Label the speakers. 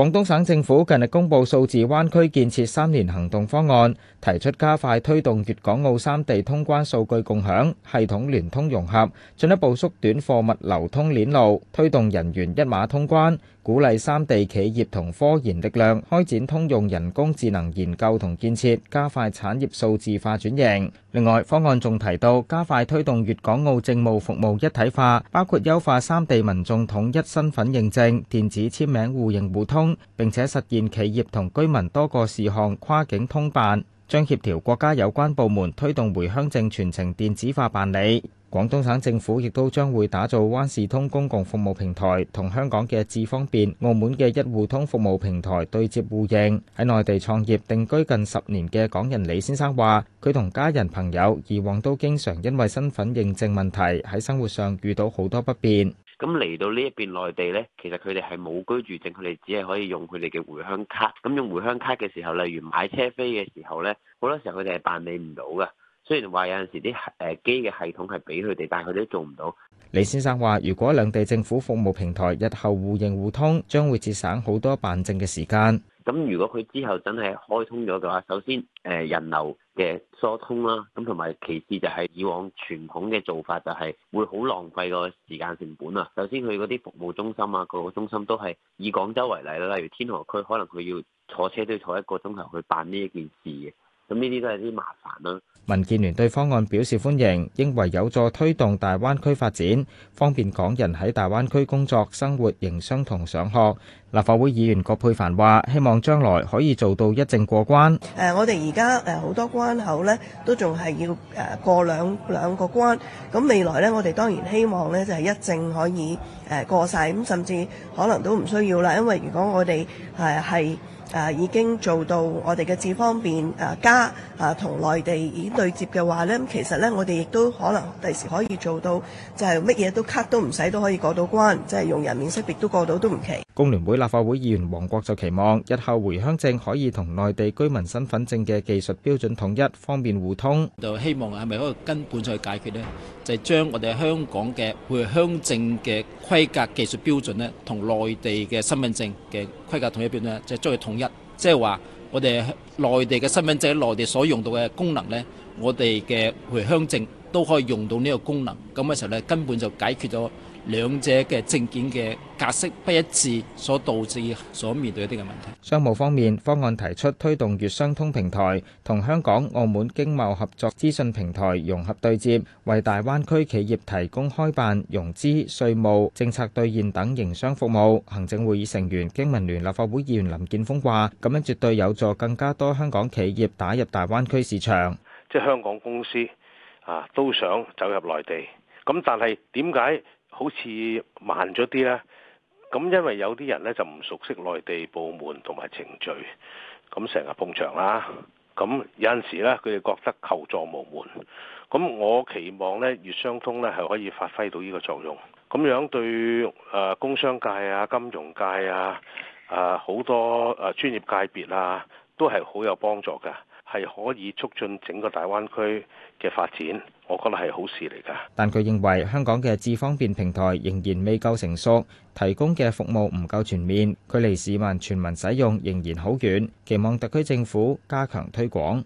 Speaker 1: 廣東省政府近日公布數字灣區建設三年行動方案，提出加快推動粵港澳三地通關、數據共享、系統聯通融合，進一步縮短貨物流通鏈路，推動人員一碼通關。鼓勵三地企業同科研力量開展通用人工智能研究同建設，加快產業數字化轉型。另外，方案仲提到加快推動粵港澳政務服務一體化，包括優化三地民眾統一身份認證、電子簽名互認互通，並且實現企業同居民多個事項跨境通辦。將協調國家有關部門推動回鄉證全程電子化辦理，廣東省政府亦都將會打造灣事通公共服務平台，同香港嘅智方便、澳門嘅一戶通服務平台對接互認。喺內地創業定居近十年嘅港人李先生話，佢同家人朋友以往都經常因為身份認證問題喺生活上遇到好多不便。
Speaker 2: 咁嚟到呢一邊內地咧，其實佢哋係冇居住證，佢哋只係可以用佢哋嘅回鄉卡。咁用回鄉卡嘅時候，例如買車飛嘅時候咧，好多時候佢哋係辦理唔到㗎。雖然話有陣時啲誒機嘅系統係俾佢哋，但係佢哋都做唔到。
Speaker 1: 李先生話，如果兩地政府服務平台日後互認互通，將會節省好多辦證嘅時間。
Speaker 2: 咁如果佢之後真係開通咗嘅話，首先誒人流嘅疏通啦，咁同埋其次就係以往傳統嘅做法就係會好浪費個時間成本啊。首先佢嗰啲服務中心啊，個個中心都係以廣州為例啦，例如天河區可能佢要坐車都要坐一個鐘頭去辦呢一件事嘅。咁呢啲都係啲麻煩啦。
Speaker 1: 民建聯對方案表示歡迎，認為有助推動大灣區發展，方便港人喺大灣區工作、生活、營商同上學。立法會議員葛珮帆話：希望將來可以做到一證過關。
Speaker 3: 誒，我哋而家誒好多關口咧，都仲係要誒過兩兩個關。咁未來咧，我哋當然希望咧就係一證可以誒過曬，咁甚至可能都唔需要啦。因為如果我哋誒係啊、已經做到我哋嘅智方便誒加誒同內地已經對接嘅話呢，其實呢，我哋亦都可能第時可以做到就是什麼都 cut，都，就係乜嘢都卡都唔使都可以過到關，即係用人臉識別都過到都唔奇。
Speaker 1: 工聯會立法會議員黃國就期望日後回鄉證可以同內地居民身份證嘅技術標準統一，方便互通。
Speaker 4: 就希望係咪可以根本上去解決呢？就係將我哋香港嘅回鄉證嘅規格技術標準呢，同內地嘅身份證嘅規格統一標準呢，就將佢統一。即係話我哋內地嘅身份證喺內地所用到嘅功能呢，我哋嘅回鄉證都可以用到呢個功能。咁嘅時候呢，根本就解決咗。兩者嘅證件嘅格式不一致，所導致所面對一啲嘅問題。
Speaker 1: 商務方面，方案提出推動粵商通平台同香港、澳門經貿合作資訊平台融合對接，為大灣區企業提供開辦、融資、稅務、政策兌現等營商服務。行政會議成員、經民聯立法會議員林建峰話：咁樣絕對有助更加多香港企業打入大灣區市場，
Speaker 5: 即係香港公司啊都想走入內地。咁但係點解？好似慢咗啲呢，咁因為有啲人呢，就唔熟悉內地部門同埋程序，咁成日碰牆啦，咁有陣時呢，佢哋覺得求助無門，咁我期望呢，粵商通呢，係可以發揮到呢個作用，咁樣對誒工商界啊、金融界啊、誒好多誒專業界別啊，都係好有幫助嘅，係可以促進整個大灣區嘅發展。我覺得係好事嚟㗎，
Speaker 1: 但佢認為香港嘅智方便平台仍然未夠成熟，提供嘅服務唔夠全面，距離市民全民使用仍然好遠，期望特區政府加強推廣。